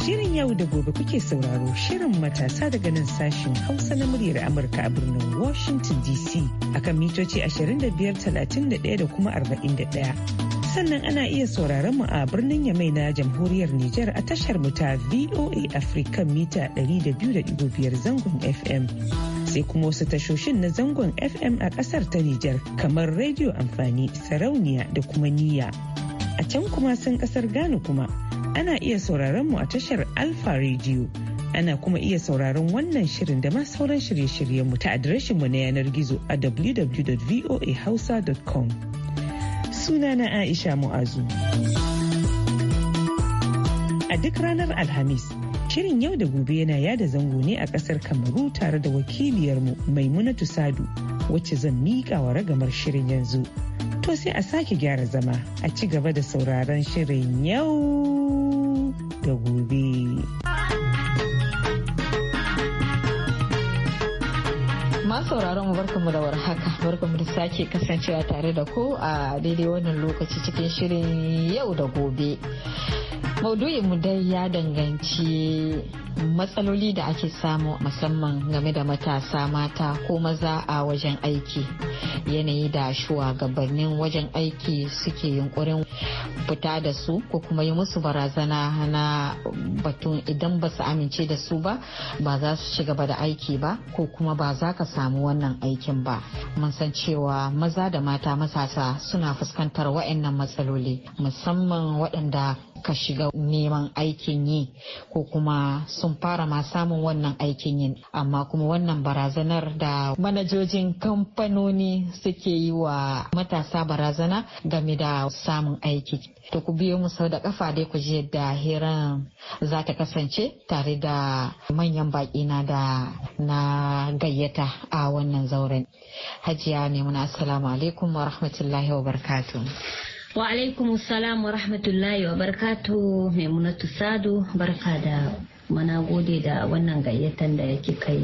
Shirin yau da gobe kuke sauraro shirin matasa daga nan sashen Hausa na muryar Amurka a birnin Washington DC akan mitoci 25,31 da kuma 41. Sannan ana iya sauraron mu a birnin Yamai na jamhuriyar Nijar a tashar mu ta VOA Africa mita 200.5 zangon FM. sai kuma wasu tashoshin na zangon FM a kasar ta Nijar kamar Radio Amfani, Sarauniya da kuma Niyya. A can kuma sun kasar Ghana kuma ana iya sauraron mu a tashar Alfa Radio. Ana kuma iya sauraron wannan shirin da ma sauran shirye shiryen mu ta mu na yanar gizo a www.voahausa.com. suna na Aisha Mu'azu. A duk ranar Alhamis, shirin yau da gobe yana yada zango ne a kasar Kamaru tare da wakiliyarmu Maimunatu Sadu, wacce zan miƙa wa ragamar shirin yanzu. To sai a sake gyara zama a ci gaba da sauraron shirin yau. da gobe. sauraron mu mu da warhaka barka mu da sake kasancewa tare da ku a daidai wannan lokaci cikin shirin yau da gobe maudu'in mu dai ya danganci matsaloli da ake samu musamman game da matasa mata ko maza a wajen aiki yanayi da shugabannin wajen aiki suke yunkurin fita da su ko kuma yi musu barazana na batun idan ba su amince da su ba ba za su ci gaba da aiki ba ko kuma ba za ka samu wannan aikin ba mun san cewa maza da mata matasa suna fuskantar waɗannan matsaloli musamman waɗanda ka shiga neman aikin yi ko kuma sun fara ma samun wannan aikin yin amma kuma wannan barazanar da manajojin kamfanoni suke yi wa matasa barazana game da samun aiki to ku biyo mu sau da kafa dai ku ji yadda hiran za ta kasance tare da manyan baƙi na da na gayyata a wannan zauren hajiya muna assalamu alaikum wa rahmatullahi wa barkatu Wa alaikum salam wa rahmatullahi wa barkatu Maimunatu Sadu barka da mana gode da wannan gayyatan da yake kai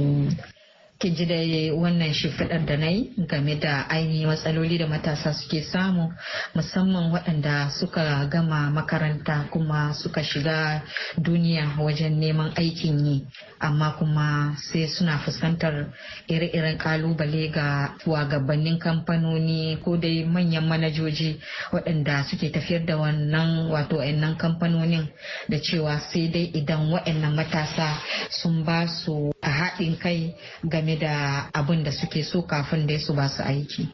ki ji da wannan shimfiɗar da na yi game da ainihin matsaloli da matasa suke samu musamman waɗanda suka gama makaranta kuma suka shiga duniya wajen neman aikin yi amma kuma sai suna fuskantar ire-iren kalubale ga wagabannin kamfanoni ko dai manyan manajoji waɗanda suke tafiyar da wannan wato kamfanonin da cewa sai dai idan waɗannan matasa sun ba su a haɗin kai game game da abin da suke so kafin dai su ba su aiki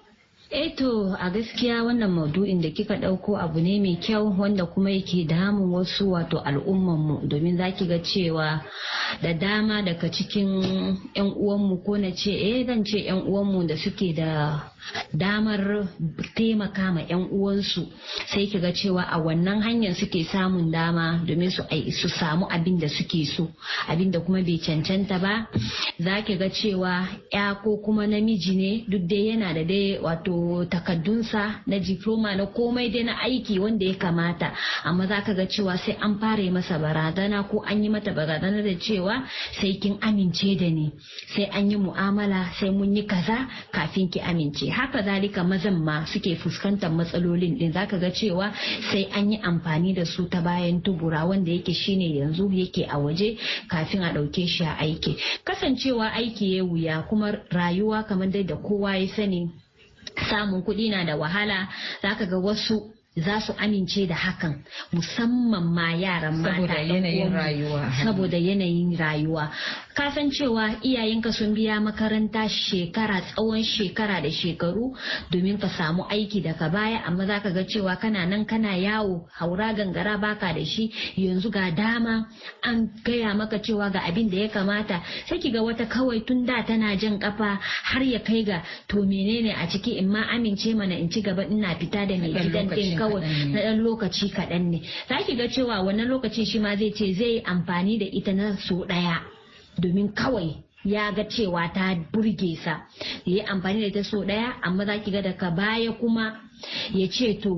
Eto eh a gaskiya wannan maudu'in da kika ɗauko abu ne mai kyau wanda kuma yake damun wasu wato al'ummanmu domin za ki ga cewa da dama daga cikin 'yan uwanmu ko na ce eh zan ce 'yan uwanmu da suke da damar taimaka ma 'yan uwansu sai kiga cewa a wannan hanyar suke samun dama domin su samu abin da suke so abin da kuma bai cancanta ba za ki ga cewa 'ya ko kuma namiji ne duk dai yana da dai wato takaddunsa na diploma na komai dai na aiki wanda ya kamata amma za ka ga cewa sai an fara masa barazana ko an yi mata barazana da cewa sai kin amince da ni sai an yi mu'amala sai mun yi kaza kafin ki amince haka zalika mazan ma suke fuskantar matsalolin din zaka ga cewa sai an yi amfani da su ta bayan tubura wanda yake shine yanzu yake a waje kafin a ɗauke shi a aiki kasancewa aiki ya wuya kuma rayuwa kamar dai da kowa ya sani samun kuɗi na da wahala zaka ga wasu za su amince da hakan musamman ma yaran mata saboda yanayin rayuwa saboda yanayin rayuwa kasan cewa iyayenka sun biya makaranta shekara tsawon shekara da shekaru domin ka samu aiki daga baya amma za ka ga cewa kana nan kana yawo haura gangara baka da shi yanzu ga dama an gaya maka cewa ga abin da ya kamata sai ki ga wata kawai tun da tana jan kafa har ya kai ga to menene a ciki in ma amince mana in ci gaba ina fita da mai gidan din kawai na ɗan lokaci kaɗan ne za ki ga cewa wannan lokacin shi ma zai ce zai amfani da ita na so ɗaya domin kawai ya ga cewa ta burge sa ya yi amfani da ita so ɗaya amma za ki ga daga baya kuma ya ce to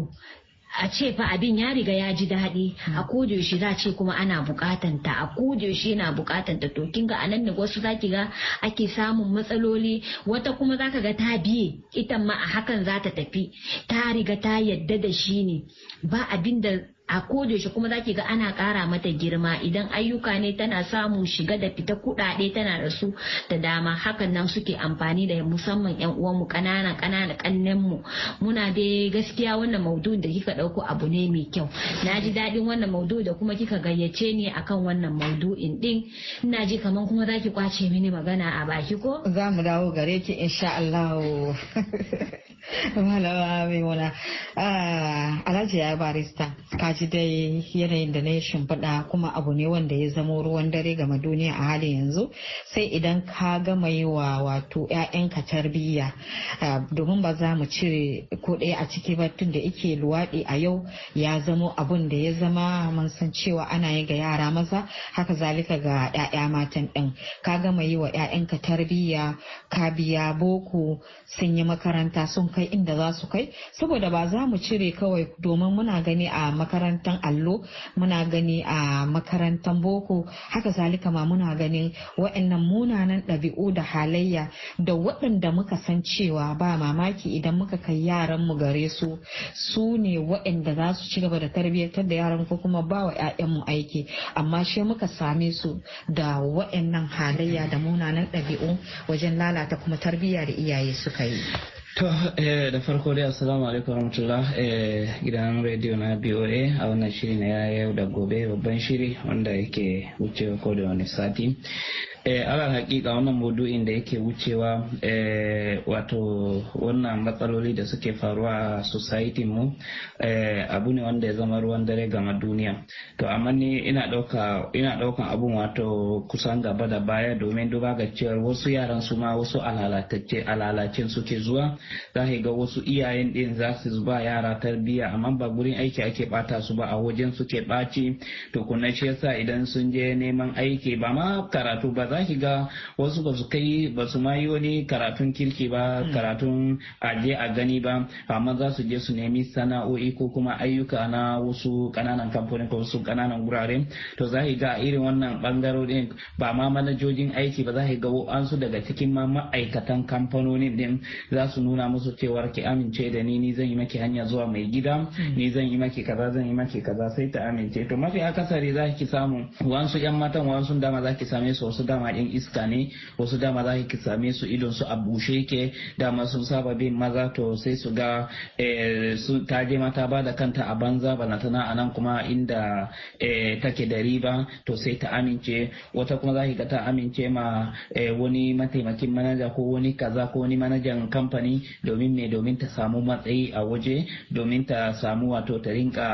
a ce fa abin ya riga ya ji daɗi a hmm. kodayaushe za ce kuma ana bukatanta a kodayaushe yana bukatanta to kin ga anan ne wasu za ki ga ake samun matsaloli wata kuma za ka ga ta biye ita ma a hakan za ta tafi ta riga ta yadda da shi ne ba abin da a kodayaushe kuma zaki ga ana kara mata girma idan ayyuka ne tana samu shiga da fita kuɗaɗe tana da su da dama hakan nan suke amfani da musamman yan uwanmu kanana kannen mu muna dai gaskiya wannan maudu'in da kika dauko abu ne mai kyau naji ji daɗin wannan maudu'i da kuma kika gayyace ni akan wannan maudu'in din ina ji kaman kuma zaki kwace mini magana a baki ko za mu dawo gare ki insha Allah malama ah, alhaji ya barista ji dai yanayin da na yi shimfiɗa kuma abu ne wanda ya zamo ruwan dare game duniya a halin yanzu sai idan ka gama yi wa wato 'ya'yanka tarbiyya domin ba za mu cire ko ɗaya a ciki ba tun da ike luwaɗi a yau ya zamo abun da ya zama mun san cewa ana yi ga yara maza haka zalika ga 'ya'ya matan ɗin ka gama yi wa 'ya'yanka tarbiyya ka biya boko sun yi makaranta sun kai inda za su kai saboda ba za mu cire kawai domin muna gani a makaranta makarantar allo muna gani a makarantar boko haka zalika ma muna ganin wa'annan munanan ɗabi'u da halayya da waɗanda muka san cewa ba mamaki idan muka kai yaran mu gare su su ne waɗanda za su ci gaba da tarbiyyar da yaran ko kuma ba wa 'ya'yanmu aiki amma shi muka same su da waɗannan halayya da munanan ɗabi'u wajen lalata kuma tarbiyya da iyaye suka yi To eh, da farko dai assalamu alaikum warahmatullah eh, gidan rediyo na BOA a wannan shiri na yau da gobe babban shiri wanda yake wucewa ko da wani sati. Eh, alal hakika wannan maudu'in da yake wucewa eh, wato wannan matsaloli da suke faruwa a society mu eh, abu ne wanda ya zama ruwan dare gama duniya to amma ni ina daukan abun wato kusan gaba da baya domin duba ga cewar wasu yaran su ma wasu alalacin suke zuwa za ga wasu iyayen din za su ba yara tarbiyya amma ba gurin aiki ake bata su ba a wajen suke ɓaci to kuna shi yasa idan sun je neman aiki ba ma karatu ba za ki ga wasu ba su kai ba su ma yi wani karatun kirki ba hmm. karatun aje a gani ba amma za su je su nemi sana'o'i ko kuma ayyuka na wasu kananan kamfani ko wasu kananan gurare to za ga irin wannan bangarorin ba ma manajojin aiki ba za ki ga an su daga cikin ma ma'aikatan kamfanoni din za su nuna musu cewar ki amince da ni ni zan yi maki hanya zuwa mai gida hmm. ni zan yi maki kaza zan yi maki kaza sai ta amince to mafi akasari za ki samu wasu yan matan wasu dama za ki same su wasu dama dama yan iska ne wasu dama za ki same su idon su a bushe yake dama sun saba bin maza to sai su ga eh, ta je mata ba da kanta a banza ba na tana nan kuma inda eh, take da riba to sai ta amince wata kuma za ki ga ta amince ma eh, wani mataimakin manaja ko wani kaza ko wani manajan kamfani domin me domin ta samu matsayi a waje domin ta samu wato ta rinka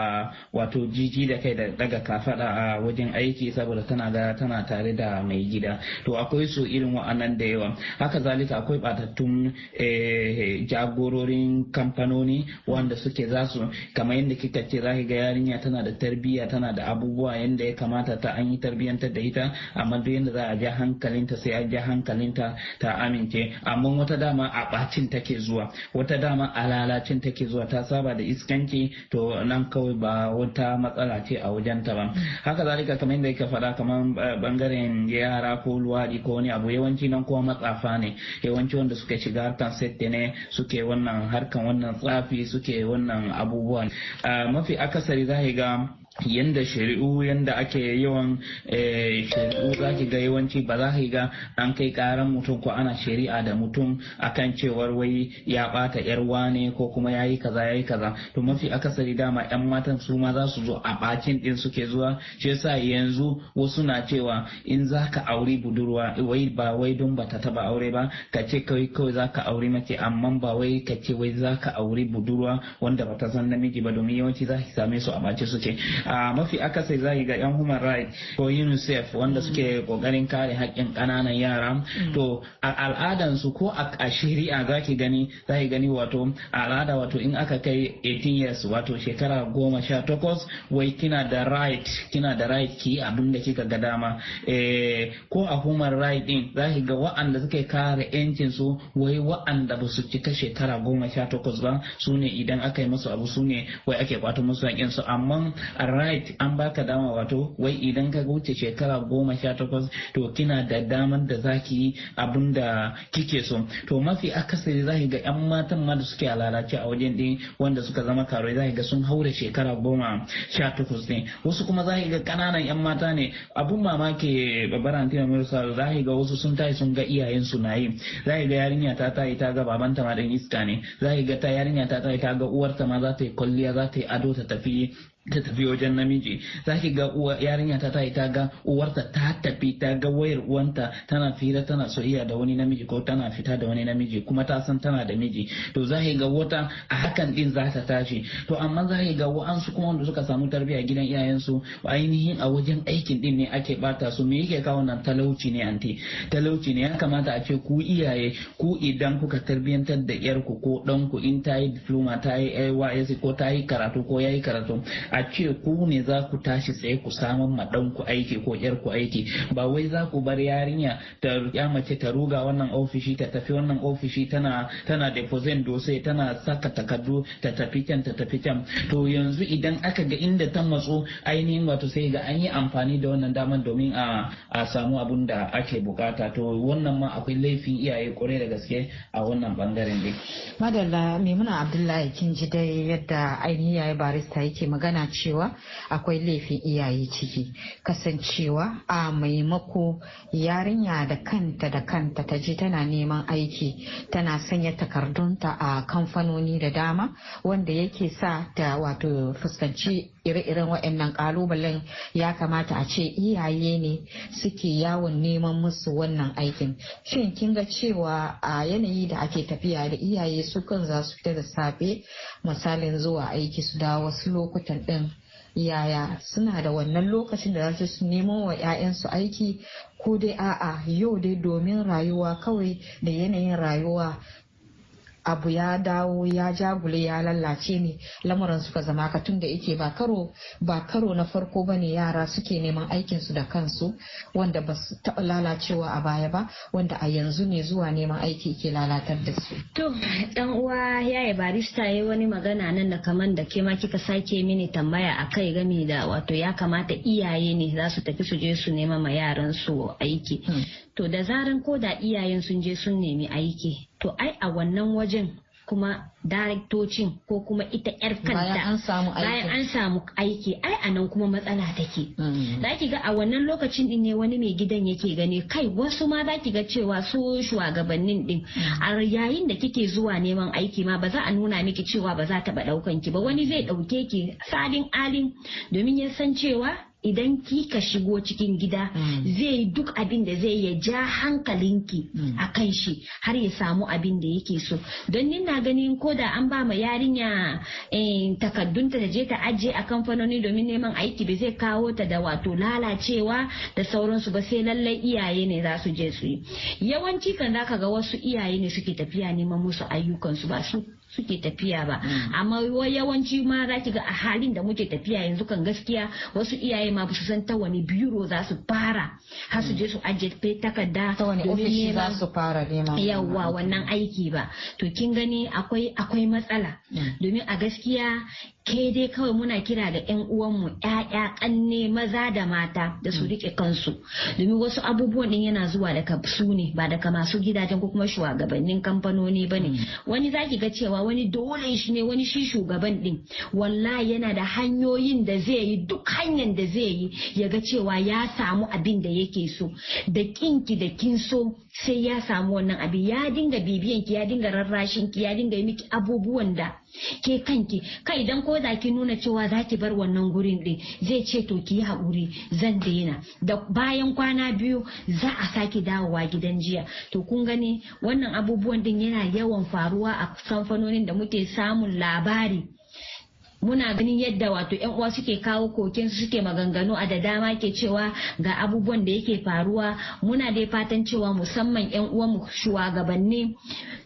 wato jiji da kai da daga kafaɗa a wajen aiki saboda tana ga tana tare da mai gida to akwai su irin wa'annan da yawa haka zalika akwai batattun eh, jagororin kamfanoni wanda suke za su kamar yadda kika ce za ga yarinya tana da tarbiyya tana da abubuwa yadda ya kamata ta an yi tarbiyyantar da ita amma duk yadda za a ja hankalinta sai a ja hankalinta ta amince amma wata dama a bacin take zuwa wata dama a lalacin take zuwa ta saba da iskanci to nan kawai ba wata matsala ce a wajenta ba haka zalika kamar yadda kika faɗa kamar bangaren eh, yara ko ko luwaɗi ko wani abu yawanci nan kuma matsafa ne yawanci wanda suka shiga harkan sette ne suke wannan harkan wannan tsafi suke wannan abubuwan ah, mafi akasari za ga yanda shari'u yanda ake yawan eh, shari'u za ki ga yawanci ba za ki ga an kai karan mutum ko ana shari'a da mutum akan cewar wai ya bata yar wane ko kuma yayi kaza yayi kaza to mafi akasari dama yan matan su ma za su zo a bakin din suke zuwa shi yasa yanzu wasu na cewa in za ka auri budurwa wai ba wai don bata taba aure ba ka ce kawai kawai za ka auri mace amma ba wai ka ce wai za ka auri budurwa wanda bata san namiji ba domin yawanci za ki same su a bace suke a mafi akasai zaki ga yan human rights ko unicef wanda suke kokarin mm. kare haƙƙin ƙananan yara mm. to a al'adansu ko a shari'a zaki gani zaki gani wato al'ada wato in aka kai 18 years wato shekara goma sha takwas wai kina da right kina da right ki abin da kika ga dama eh, ko a human right din zaki ga wa'anda suke kare yancin su wai wa'anda ba su cika shekara goma sha takwas ba su ne idan aka yi musu abu su ne wai ake kwato musu haƙƙin su amma right an baka dama wato wai idan ka wuce shekara goma sha takwas to kina da damar da zaki yi abin da kike so to mafi akasari ki ga yan matan ma da suke lalace a wajen din wanda suka zama za ki ga sun haura shekara goma sha takwas ne wasu kuma ki ga kananan yan mata ne abun mamaki babbar antina za ki ga wasu sun tashi sun ga iyayen su na yi ki ga yarinya ta tayi ta ga babanta ma dan iska ne ki ga ta yarinya ta tayi ta ga uwarta ma za ta yi kwalliya za ta yi ado ta tafi ta tafi wajen namiji za ki ga uwa yarinya ta tayi ta ga uwarta ta tafi ta ga wayar uwanta tana fira tana soyayya da wani namiji ko tana fita da wani namiji kuma ta san tana da miji to za ga wata a hakan din za ta tashi to amma za ki ga wa'ansu kuma wanda suka samu tarbiyya gidan iyayensu ainihin a wajen aikin din ne ake bata su me yake kawo nan talauci ne anti talauci ne ya kamata a ce ku iyaye ku idan kuka tarbiyyantar da yarku ko ɗanku in ta yi diploma ta yi ko ta yi karatu ko ya yi karatu a ce ku ne za ku tashi tsaye ku samun ma ku aiki ko yar ku aiki ba wai za ku bar yarinya ta ya mace ta ruga wannan ofishi ta tafi wannan ofishi tana tana deposit dosai tana saka takardu ta tafi can ta tafi can to yanzu idan aka ga inda ta matsu ainihin wato sai ga an yi amfani da wannan daman domin a a samu abun da ake bukata to wannan ma akwai laifin iyaye kwarai da gaske a wannan bangaren dai madalla maimuna abdullahi kin ji dai yadda ainihin yaya barista yake magana magana cewa akwai laifin iyaye ciki kasancewa a maimako yarinya da kanta da kanta ta je tana neman aiki tana sanya takardunta a kamfanoni da dama wanda yake sa ta wato fuskanci ire-iren waɗannan ƙalubalen ya kamata a ce iyaye ne suke yawon neman musu wannan aikin shin kin ga cewa a yanayi da ake tafiya da iyaye su kan za su fita da safe misalin zuwa aiki su dawo wasu lokutan ɗin yaya suna da wannan lokacin da za su nemo wa 'ya'yansu aiki ko dai a'a yau dai domin rayuwa kawai da yanayin rayuwa abu ya dawo ya jagule ya lallace ne lamuran suka zama ka tunda yake ba karo ba karo na farko bane yara suke neman aikin su da kansu wanda ba su taɓa lalacewa a baya ba wanda a yanzu ne zuwa neman aiki ke lalatar da su. To dan uwa yaya barista ya wani magana nan da kaman da kema kika sake mini tambaya a kai game da wato ya kamata iyaye ne za su tafi su je su nema ma yaran su aiki. Hmm. To da zaran ko da iyayen sun je sun nemi aiki to ai a wannan wajen kuma daraktocin ko kuma ita 'yar kanta bayan an samu aiki ai a nan kuma matsala take mm. za ki ga a wannan lokacin din ne wani mai gidan yake gani kai wasu ma za ki ga cewa su shugabannin din mm. a yayin da kike zuwa neman aiki ma ba za a nuna miki cewa ba za ta ba ki ba wani zai ɗauke ki salin alin domin ya san cewa idan ki ka shigo cikin gida mm. zai yi duk abin da zai ya ja hankalinki mm. a kan shi har ya samu abin da yake so don ni na ganin ko da an ba ma yarinya eh, takaddunta da je ta ajiye a kamfanoni domin neman aiki ba zai kawo ta da wato lalacewa da sauransu ba sai lallai iyaye ne za su je su yi yawanci kan ka ga wasu iyaye ne suke tafiya neman musu ayyukansu ba su suke tafiya ba hmm. amma yawanci ma za ki ga a halin da muke tafiya yanzu kan gaskiya wasu iyaye ma ba su san ta wani biro za su fara har su je su ajiye takarda ta za su fara neman yawa wannan aiki ba to kin gani akwai akwai matsala hmm. domin a gaskiya ke dai kawai muna kira da 'yan uwanmu 'ya'ya kanne maza da mata da su mm. rike kansu domin wasu abubuwan din yana zuwa daga su ne ba daga masu gidajen ko kuma shugabannin kamfanoni ba ne mm. wani zaki ga cewa wani dole shi ne wani shi shugaban din wallahi yana da hanyoyin da zai yi duk hanyar da zai yi ya ga cewa ya samu abin da yake so da kinki da kin so sai ya samu wannan abu ya dinga bibiyan ki ya dinga rarrashin ki ya dinga yi miki abubuwan da ke kanki kai idan ko za ki nuna cewa za ki bar wannan gurin din zai ce to ki yi haƙuri zan daina da bayan kwana biyu za a sake dawowa gidan jiya to kun gani wannan abubuwan din yana yawan faruwa a kamfanonin da muke samun labari muna ganin yadda wato yan uwa suke kawo koken su suke maganganu a da dama ke cewa ga abubuwan da yake faruwa muna dai fatan cewa musamman yan uwa mu shugabanni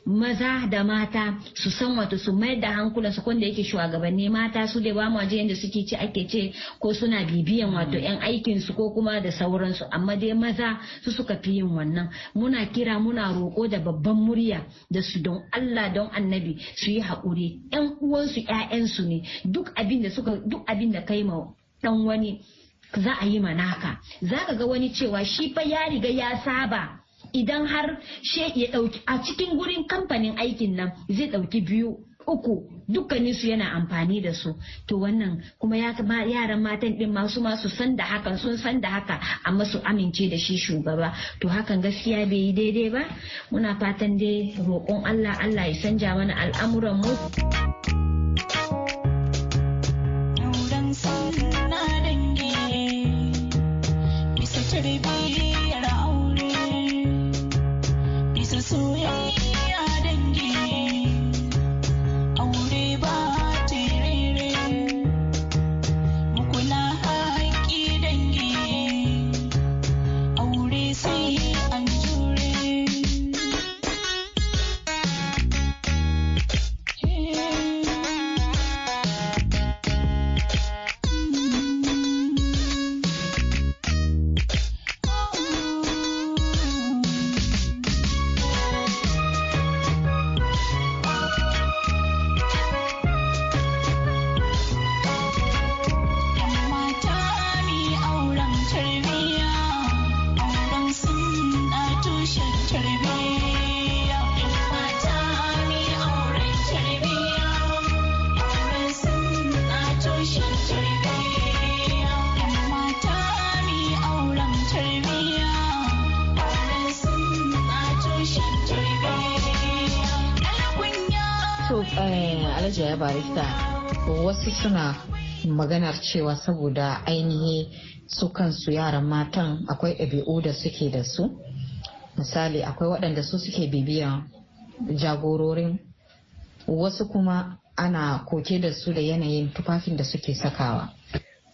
maza da mata su san wato su mayar da hankulan su kwanda yake shugabanni mata su dai ba mu aje yadda suke ci ake ce ko suna bibiyan wato hmm. yan aikin su ko kuma da sauransu amma dai maza su suka fi yin wannan muna kira muna roko da babban murya da su don Allah don annabi su yi haƙuri yan uwansu 'ya'yansu ne duk abin da suka duk abin da kai ma dan wani za a yi manaka za ka ga wani cewa shi fa ya riga ya saba idan har she ya dauki a cikin gurin kamfanin aikin nan zai dauki biyu uku dukkanin su yana amfani da su to wannan kuma ya yaran matan din masu masu san da haka sun san da haka amma su amince da shi shugaba to hakan gaskiya bai yi daidai ba muna fatan dai roƙon Allah Allah ya sanja mana al'amuran mu Bisa to me. to eh, alhaji ya barista wasu suna maganar cewa saboda ainihi su kansu yaran matan akwai ɗabi'u da suke da su misali akwai waɗanda su suke bibiyan jagororin wasu kuma ana koke da su da yanayin tufafin da suke sakawa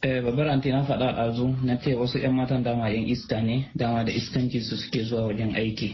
Eh, babbar anti na faɗa ɗazu na ce wasu 'yan matan dama yan iska ne dama da iskanci su suke zuwa wajen aiki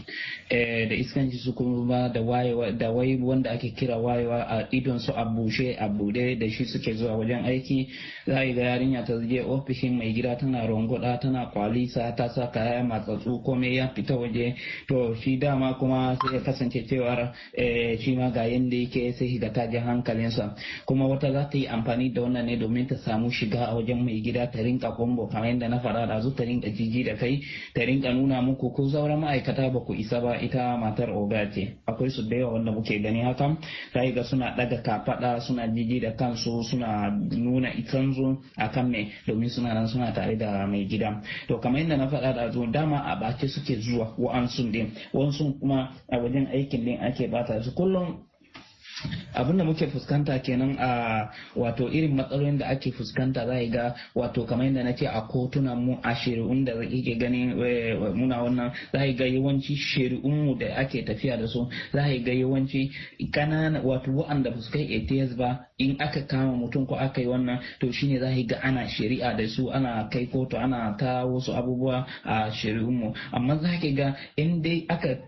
eh, da iskanci su kuma da wayewa da wai wanda ake kira wayewa a idon su a bushe a bude da shi suke zuwa wajen aiki za ga yarinya ta je ofishin mai gida tana rongoda tana kwalisa ta sa kaya matsatsu komai ya fita waje to shi dama kuma sai ya kasance cewar eh, shi ma ga yanda yake sai shiga ta hankalinsa kuma wata za ta yi amfani da wannan ne domin ta samu shiga a wajen iyayen mai gida ta rinka kongo kamar yadda na fara da ta rinka jiji da kai ta rinka nuna muku ko sauran ma'aikata ba ku isa ba ita matar oga ce akwai su da yawa wanda muke gani hakan kai ga suna daga kafaɗa suna jiji da kansu suna nuna a kan mai domin suna nan suna tare da mai gida to kamar yadda na fara da dama a baki suke zuwa wa'ansu din wasu kuma a wajen aikin din ake bata su kullum abin da muke fuskanta kenan a wato irin matsalolin da ake fuskanta za ga wato kamar yadda ce a kotunan mu a shari'un da ke ganin eh, muna wannan za ga yawanci shari'un mu da ake tafiya da su za ga yawanci kanana wato wa'anda ba su kai ATS ba in aka kama mutum ko aka yi wannan to shine za ga ana shari'a da su ana kai kotu ana ta wasu abubuwa a shari'un mu amma za ga in dai aka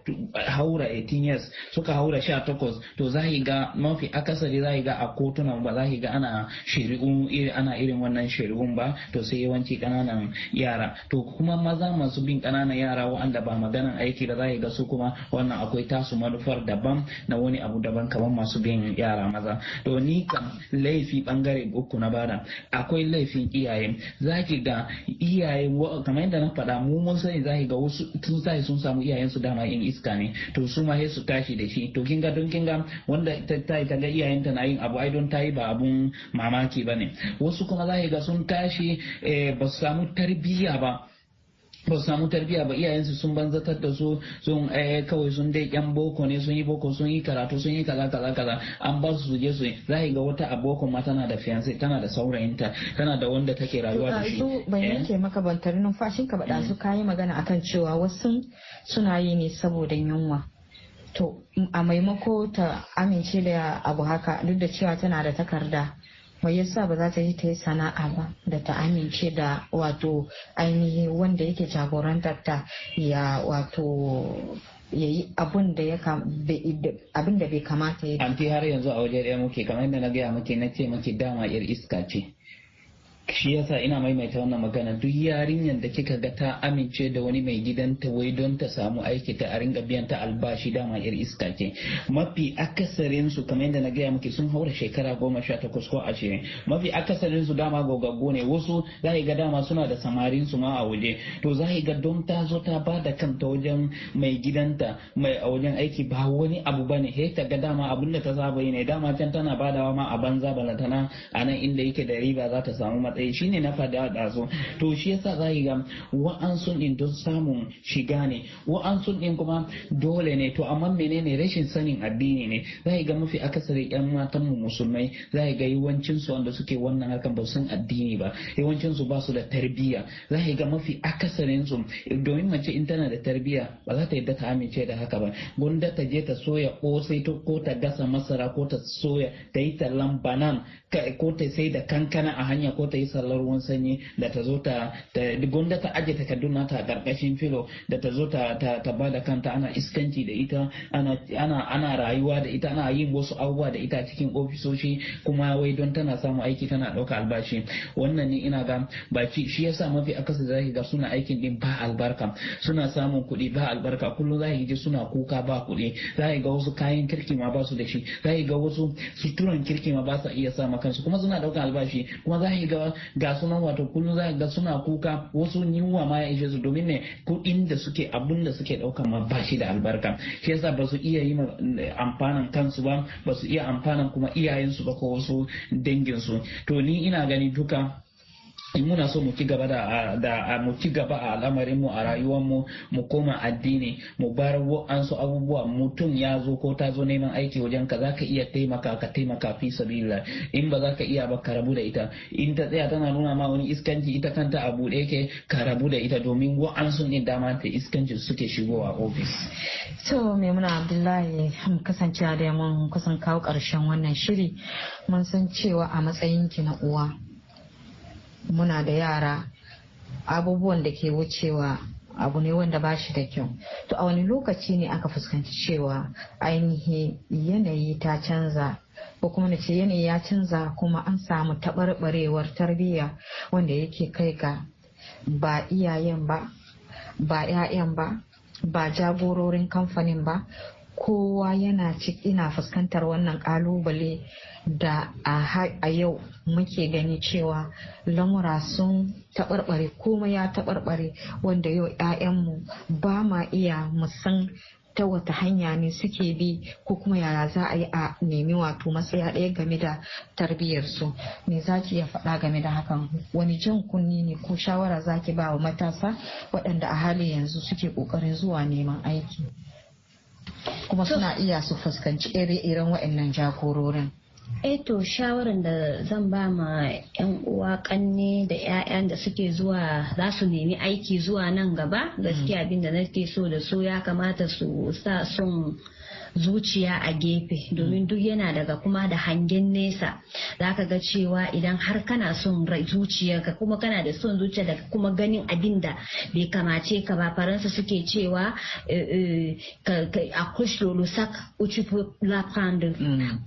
haura 18 years suka haura 18 to za ga mafi akasari za ga a kotunan ba za ga ana shari'u ana irin wannan shari'un ba to sai yawanci kananan yara to kuma maza masu bin kananan yara wa'anda ba maganan aiki da za ga su kuma wannan akwai tasu manufar daban na wani abu daban kamar masu bin yara maza to ni kam laifi bangare uku na bada akwai laifin iyaye za ki ga iyaye kamar yadda na faɗa mu mun sani za ga wasu tun sai sun samu iyayen su dama in iska ne to su ma sai su tashi da shi to kin ga don kin ga wanda ta ta ga iyayenta na yin abu ai don ta yi ba abun mamaki ba ne wasu kuma za ga sun tashi eh, ba su samu tarbiyya ba ba su samu tarbiyya ba iyayensu sun banzatar da su sun eh, kawai sun dai yan boko ne sun yi boko sun yi karatu sun yi kaza kaza kaza an ba su je su za ga wata aboko ma tana da fiance tana da saurayinta tana da wanda take rayuwa da shi ban eh? yanke maka bantar numfashin ka ba mm. su kayi magana akan cewa wasu suna yi ne saboda yunwa to a maimako ta amince da abu haka duk da cewa tana da takarda mai yasa ba za ta yi ta yi sana'a ba da ta amince da wato ainihi wanda yake jagorantar ta ya wato ya yi abin da bai kamata ya yi. fi har yanzu a waje ɗaya muke kamar yadda na gaya muke na ce muke dama 'yar iska ce. shi yasa ina maimaita wannan magana duk yarinyar da kika ga ta amince da wani mai gidanta wai don ta samu aiki ta a ringa biyan ta albashi dama ir iska ce mafi akasarin su kamar yadda na gaya miki sun haura shekara goma sha takwas ko ashirin mafi akasarin su dama gogaggo ne wasu za ga dama suna da samarin su ma a waje to za ga don ta zo ta ba da kanta wajen mai gidanta mai a wajen aiki ba wani abu ba ne ta ga dama abin ta saba yi ne dama can tana badawa ma a banza balantana a nan inda yake da riba za ta samu matsayi ɗaya eh, shine na faɗa ɗazu to shi yasa za ga wa'ansun ɗin don samun shiga ne wa'ansun ɗin kuma dole ne to amma menene rashin sanin addini ne za ga mafi akasari yan matan mu musulmai za ga yawancin su wanda suke wannan hakan ba san addini ba yawancin su ba su da tarbiyya za ga mafi akasarin su domin mace in tana da tarbiyya ba za ta yadda ta amince da haka ba gunda ta je ta soya kosai ko ta gasa masara ko ta soya ta yi talan banan ko ta sai da kankana a hanya ko ta yi sallar ruwan sanyi da ta zo ta gunda ta aje takarduna ta gargashin filo da ta zo ta ta da kanta ana iskanci da ita ana rayuwa da ita ana yin wasu abubuwa da ita cikin ofisoshi kuma wai don tana samun aiki tana ɗauka albashi wannan ne ina ga ba shi yasa mafi akasa zaki ga suna aikin din ba albarka suna samun kuɗi ba albarka kullum za ki ji suna kuka ba kuɗi ki ga wasu kayan kirki ma ba su da shi za ki ga wasu suturan kirki ma ba su iya sa kansu kuma suna dauka albashi kuma za ga ga sunan wato kullum za ga suna kuka wasu yunwa ma ya ishe su domin ne kuɗin da suke abun da suke ɗaukan ma bashi da albarka shi yasa ba su iya yi eh, amfanan kansu ba ba su iya amfanan kuma iyayensu ba ko wasu dangin su to ni ina gani duka in muna so mu ci gaba da mu ci gaba a al'amarin mu a rayuwar mu mu koma addini mu bar wa'ansu abubuwa mutum ya zo ko ta zo neman aiki wajen ka zaka iya taimaka ka taimaka fi sabila in ba zaka iya ba ka rabu da ita in ta tsaya tana nuna ma wani iskanci ita kanta a bude yake ka rabu da ita domin wa'ansu din dama ta iskanci suke shigowa ofis to muna abdullahi mu kasance da mun kusan kawo karshen wannan shiri mun san cewa a matsayin ki na uwa muna da yara abubuwan da ke wucewa abu ne wanda ba shi da kyau to a wani lokaci ne aka fuskanci cewa ainihi yanayi ta canza ko kuma na ce yanayi ya canza kuma an samu taɓarɓarewar tarbiyya wanda yake kai ga ba iyayen ba ba 'ya'yan ba ba jagororin kamfanin ba kowa yana ina fuskantar wannan kalubale da a yau muke gani cewa lamura sun taɓarɓare kuma ya taɓarɓare wanda yau 'ya'yanmu ba ma iya musan ta wata hanya ne suke bi ko kuma yaya za a yi a nemi wato matsaya ɗaya game da tarbiyyarsu me za ki iya faɗa game da hakan wani jan kunni ne ko shawara za ki ba wa matasa waɗanda a hali yanzu suke ƙoƙarin zuwa neman aiki kuma suna iya su fuskanci ire-iren waɗannan jagororin eh to shawaran da zan ba ma 'yan uwa kanne da 'ya'yan da suke zuwa za su nemi aiki zuwa nan gaba gaskiya abin da nake so da su ya kamata su sa sun. zuciya a gefe hmm. domin duk yana daga kuma da hangen nesa zaka ga cewa idan har kana son zuciyarka kuma kana da son zuciya da kuma ganin abin da bai kamace ka ba faransa suke cewa a kushe lusak sak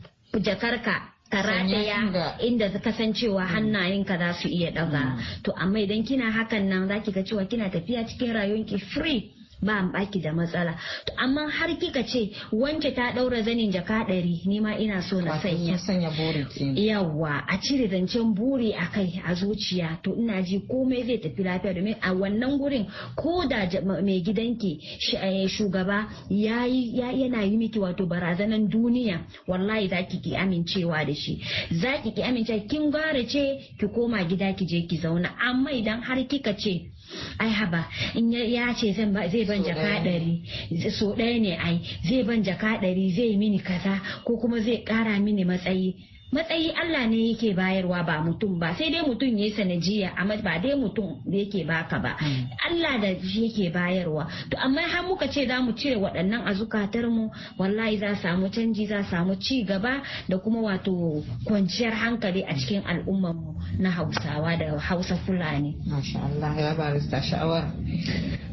jakarka karataya inda kasancewa hmm. hannayenka za su iya daga hmm. to amma idan kina hakan nan zaki ga cewa kina tafiya cikin rayuwanki free ba baki da matsala to amma har kika ce wanke ta daura zanin jaka ɗari ni ma ina so na sanya sanya buri yawa a cire zancen buri a kai a zuciya to ina ji komai zai tafi lafiya domin a wannan gurin ko da mai gidanki eh, shugaba yayi yana yi miki wato barazanan duniya wallahi zaki ki amincewa da shi zaki ki amince kin gara ce ki koma gida ki je ki zauna amma idan har kika ce ai haba in ya ce zan zai ban jaka ɗari so ɗaya ne ai zai ban jaka ɗari zai mini kaza ko kuma zai ƙara mini matsayi matsayi Allah ne yake bayarwa ba mutum ba sai dai mutum ya sanajiya amma ba dai mutum da yake baka ba hmm. Allah da shi yake bayarwa to amma har muka ce za mu cire waɗannan azukatar mu wallahi za samu canji za samu ci gaba da kuma wato kwanciyar hankali a cikin al'ummar mu na Hausawa da Hausa Fulani masha Allah ya barista shawara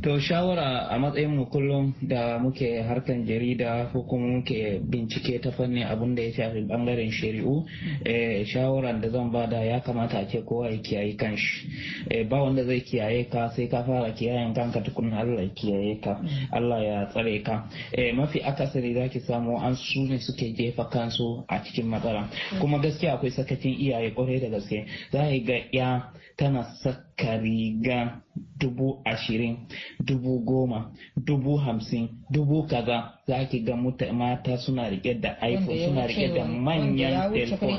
to shawara a matsayin mu kullum da muke harkan jarida ko kuma muke bincike ta fannin abun da ya shafi bangaren shari'u Eh, shawaran da zan bada ya kamata a ce kowa ya kiyaye kanshi eh, ba wanda zai kiyaye ka sai ka fara kiyayen kanka tukun Allah ya kiyaye ka Allah ya tsare ka eh, mafi akasari zaki samu an su ne suke jefa kansu a cikin matsala kuma gaskiya akwai sakacin iyaye kwarai da gaske za ga ya tana saka riga dubu ashirin dubu goma dubu hamsin dubu kaza za ki ga mata suna rike da iphone suna rike da manyan telefon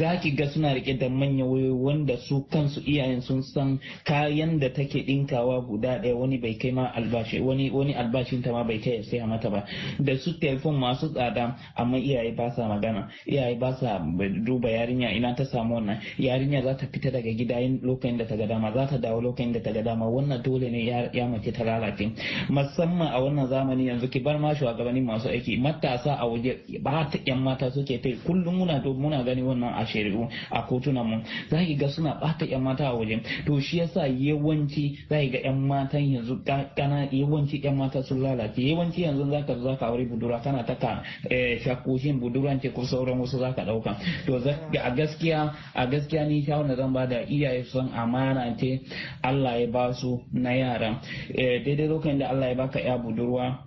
za ki ga suna rike da manyan wayoyi wanda su kansu iyayen sun san kayan da take dinkawa guda daya wani bai kai ma albashi wani wani albashin ta ma bai kai sai a mata ba da su telefon masu tsada amma iyaye ba sa magana iyaye ba sa duba yarinya ina ta samu wannan yarinya za ta fita daga gida lokacin da ta ga dama za ta dawo lokacin da ta ga dama wannan dole ne ya mace ta lalace musamman a wannan zamani yanzu ki bar ma shugabanni masu aiki matasa a waje ba ta yan mata suke kai kullum muna muna gani wannan a shari'u a kotunan mu za ki ga suna bata yan mata a waje to shi yasa yawanci za ki ga yan matan yanzu kana yawanci yan mata sun lalace yawanci yanzu za zaka aure budura kana taka eh, shakoshin buduran ce ko sauran wasu zaka dauka to a gaskiya a gaskiya ni shawarar zan ba da iyaye sun amana ce Allah ya ba su na yara eh, daidai lokacin da Allah ya baka ya budurwa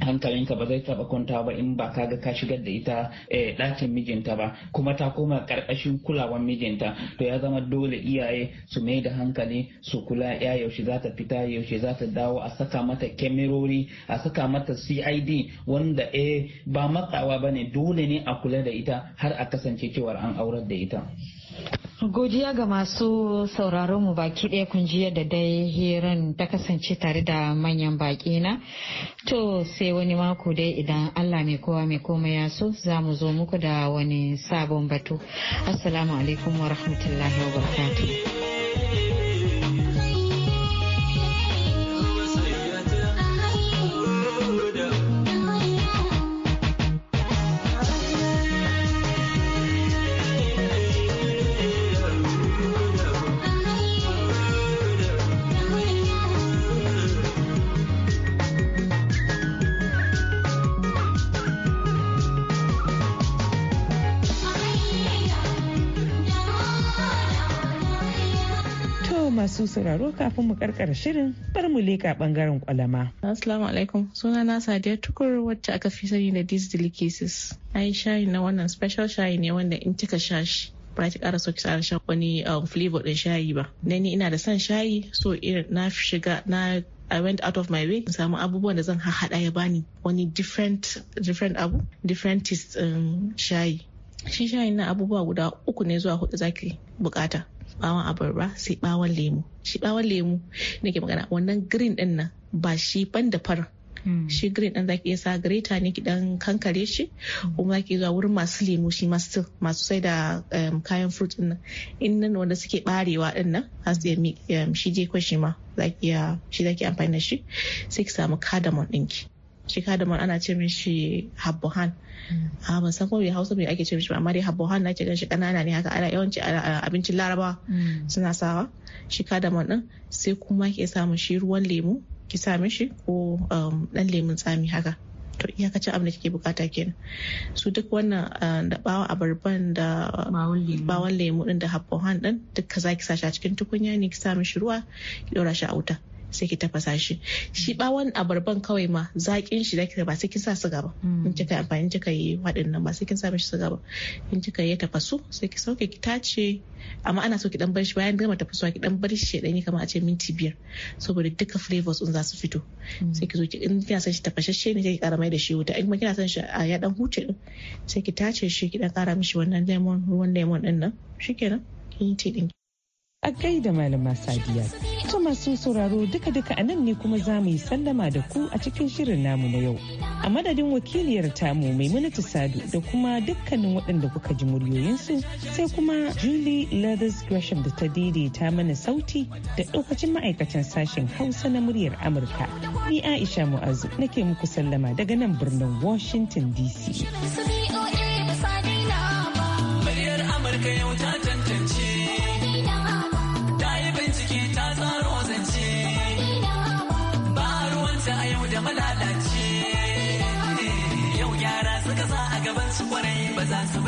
hankalinka ba zai taba kwanta ba in ba ka ga ka shigar da ita eh, ɗakin mijinta ba kuma ta koma ƙarƙashin kulawan mijinta to ya zama dole iyaye su mai da hankali su kula ya yaushe za ta fita yaushe za ta dawo a saka mata kyamirori a saka mata cid wanda eh ba matsawa ba ne dole ne a kula da ita har a kasance cewar an aurar da ita. Godiya ga masu sauraron mu baki ɗaya kun ji yadda dai hiran ta kasance tare da manyan baki na. To sai wani mako dai idan Allah mai kowa mai komai ya so za mu zo muku da wani sabon batu. Assalamu alaikum wa rahmatullahi wa barakatuh. masu sauraro kafin mu karkara shirin bar mu leka bangaren kwalama. Assalamu alaikum suna na Sadiya Tukur wacce aka fi sani da these delicacies. yi shayi na wannan special shayi ne wanda in kika sha shi ba ta ƙara so ki shan wani um, flavor din shayi ba. na ni ina da son shayi so na shiga na I went out of my way in samu abubuwan da zan haɗa ya bani wani different different abu different taste um, shayi. Shi shayin na abubuwa guda uku ne zuwa hudu zaki bukata. bawon abarba sai bawon lemu shi bawon lemu nake magana wannan green din nan ba shi ban da fara hmm. shi green din zaki iya sa greta ne ki dan kankare shi kuma zaki zuwa wurin masu lemu shi masu masu sai da um, kayan fruit din nan in nan wanda suke barewa din nan has da um, shi je kwashi ma zaki ya shi zaki amfani da shi sai ki samu cardamom ɗinki. ki shi man ana ce mishi habbohan mm. a ah, ban san ko bai hausa bai ake ce mishi amma dai habbohan na ke gan shi kanana ne haka ana yawanci abincin larabawa. Mm. suna sawa shi man din sai kuma ke samu shi ruwan lemu ki sa mishi ko dan um, lemun tsami haka to iyakacin abin da kike bukata kenan su duk wannan ah, da bawa abarban da bawon lemu din da habbohan din duka zaki sa shi a cikin tukunya ne ki sa mishi ruwa ki daura shi a wuta sai ki tafasa shi shi bawon abarban kawai ma zaƙin shi zaki ba sai kin sa suga ba hmm. in kika amfani kika yi waɗannan ba sai kin sa mishi suga ba in kika yi tafasu sai ki sauke ki tace amma ana so ki dan bar shi bayan gama tafasuwa ki dan bar shi dan yi kamar a ce minti biyar saboda duka flavors din za su fito hmm. sai ki zo ki in kina son shi tafashashe ne sai ki kara mai da shi wuta in kuma kina son shi a ya dan huce din sai ki tace shi ki dan kara mishi wannan lemon ruwan lemon din nan shikenan kin yi ti din a gaida malama sadiya ta masu sauraro duka-duka a nan ne kuma za mu yi sallama da ku a cikin shirin namu na yau a madadin wakiliyar tamu maimunatu sadu da kuma dukkanin waɗanda kuka ji muryoyinsu sai kuma julie leathers gresham da ta daidaita mana sauti da ɗaukacin ma'aikatan sashen hausa na muryar amurka ni aisha mu'azu nake muku sallama daga nan birnin washington dc yau ta za su